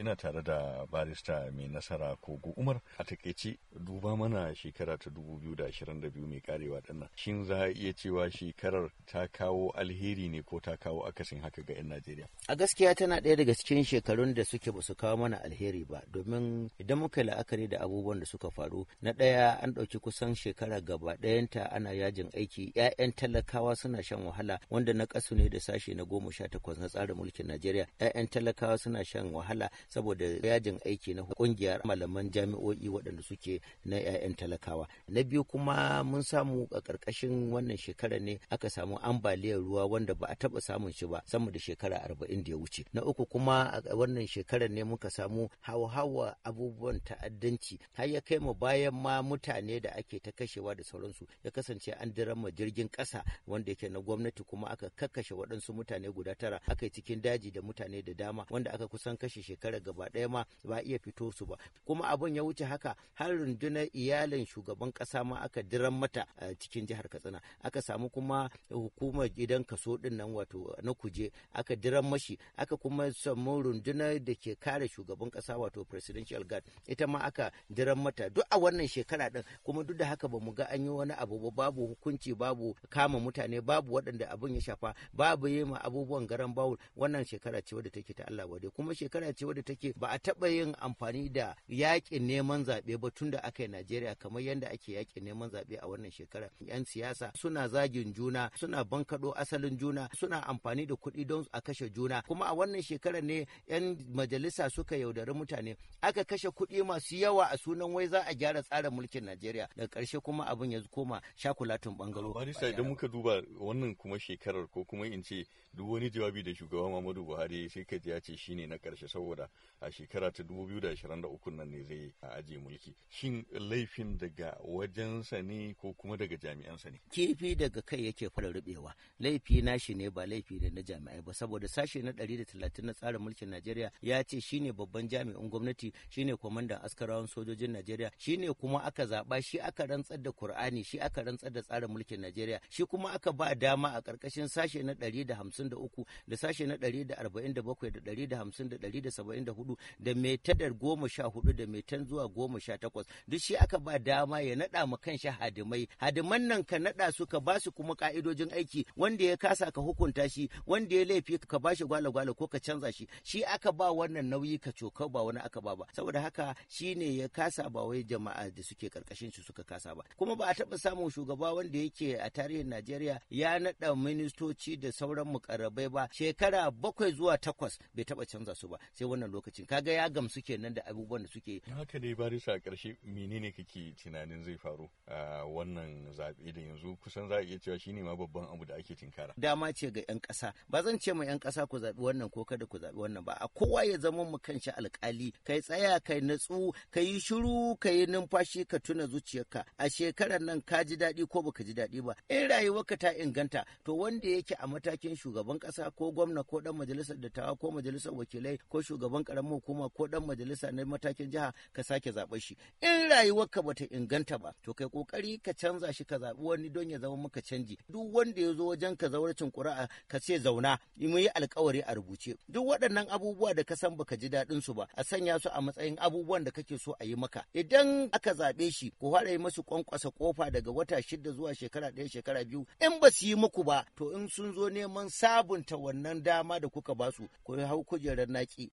ina tare da barista mai nasara kogo umar a takaice duba mana shekara ta 2022 mai karewa dinnan shin za a iya cewa shekarar ta kawo alheri ne ko ta kawo akasin haka ga 'yan najeriya a gaskiya tana ɗaya daga cikin shekarun da suke basu kawo mana alheri ba domin idan muka la'akari da abubuwan da suka faru na ɗaya an ɗauki kusan shekara gaba ɗayanta ana yajin aiki 'ya'yan talakawa suna shan wahala wanda na kasu ne da sashe na goma sha takwas na tsarin mulkin najeriya 'ya'yan talakawa suna shan wahala saboda yajin aiki na kungiyar malaman jami'o'i waɗanda suke na 'ya'yan talakawa na biyu kuma mun samu a ƙarƙashin wannan shekara ne aka samu ambaliyar ruwa wanda ba a taɓa samun shi ba sama da shekara arba'in da ya wuce na uku kuma a wannan shekara ne muka samu hawa abubuwan ta'addanci har ya kai mu bayan ma mutane da ake ta kashewa da sauransu ya kasance an dirama jirgin ƙasa wanda yake na gwamnati kuma aka kakkashe waɗansu mutane guda tara aka yi cikin daji da mutane da dama wanda aka kusan kashe shekara da gaba ɗaya ma ba iya fito su ba kuma abun ya wuce haka har rundunar iyalin shugaban ƙasa ma aka diran mata a cikin jihar katsina aka samu kuma hukumar gidan kaso ɗin nan wato na kuje aka diran mashi aka kuma samu rundunar da ke kare shugaban ƙasa wato presidential guard ita ma aka diran mata duk a wannan shekara din kuma duk da haka ba mu ga an yi wani abu ba babu hukunci babu kama mutane babu waɗanda abin ya shafa babu yi ma abubuwan garan bawul wannan shekara ce wadda take ta Allah wadai kuma shekara ce wadda take ba a taɓa yin amfani da yaƙin neman zaɓe ba tun da aka yi Najeriya kamar yadda ake yaƙin neman zaɓe a wannan shekara. 'Yan siyasa suna zagin juna, suna bankaɗo asalin juna, suna amfani da kuɗi don a kashe juna. Kuma a wannan shekarar ne 'yan majalisa suka yaudari mutane. Aka kashe kuɗi masu yawa a sunan wai za a gyara tsarin mulkin Najeriya. Daga ƙarshe kuma abin ya koma shakulatun bangaro. Barista idan muka duba wannan kuma shekarar ko kuma in ce duk wani jawabi da shugaban Muhammadu Buhari sai ka ji ya ce shine na ƙarshe saboda a shekara ta 2023 nan ne zai aje mulki shin laifin daga wajensa ne ko kuma daga jami'ansa ne kifi daga kai yake fara rubewa laifi nashi ne ba laifi ne na jami'ai ba saboda sashe na 130 na tsarin mulkin Najeriya ya ce shine babban jami'in gwamnati shine kwamandan askarawan sojojin Najeriya shine kuma aka zaba shi aka rantsar da Kur'ani shi aka rantsar da tsarin mulkin Najeriya shi kuma aka ba dama a karkashin sashe na 153 da sashe na 147 da 150 da 170 da da mai goma sha hudu da mai tan zuwa goma sha takwas duk shi aka ba dama ya naɗa ma kanshi hadimai hadiman nan ka naɗa su ka ba su kuma ka'idojin aiki wanda ya kasa ka hukunta shi wanda ya laifi ka ba shi gwale-gwale ko ka canza shi shi aka ba wannan nauyi ka coka ba wani aka ba ba saboda haka shi ne ya kasa ba wai jama'a da suke karkashin shi suka kasa ba kuma ba a taɓa samun shugaba wanda yake a tarihin Najeriya ya naɗa ministoci da sauran mukarrabai ba shekara bakwai zuwa takwas bai taɓa canza su ba sai wannan lokacin kaga ya gamsu kenan da abubuwan da suke haka dai barisa a karshe menene kake tunanin zai faru a wannan zaɓe da yanzu kusan za a iya cewa shine ma babban abu da ake tinkara dama ce ga yan kasa ba zan ce ma yan kasa ku zaɓi wannan ko kada ku zaɓi wannan ba a kowa ya zama mu kanshi alkali kai tsaya kai natsu kai shiru kai numfashi ka tuna zuciyarka a shekarar nan ka ji daɗi ko baka ji daɗi ba in rayuwarka ta inganta to wanda yake a matakin shugaban ƙasa ko gwamna ko dan majalisar dattawa ko majalisar wakilai ko shugaban karamin hukuma ko dan majalisa na matakin jiha ka sake zaɓe shi in rayuwar ka bata inganta ba to kai kokari ka canza shi ka zaɓi wani don ya zama maka canji duk wanda ya zo wajen ka zauracin ƙuri'a ka ce zauna mu yi alkawari a rubuce duk waɗannan abubuwa da ka san baka ji daɗin su ba a sanya su a matsayin abubuwan da kake so a yi maka idan aka zaɓe shi ku fara yi masu kwankwasa kofa daga wata shida zuwa shekara ɗaya shekara biyu in ba su yi muku ba to in sun zo neman sabunta wannan dama da kuka ba su ku hau kujerar naki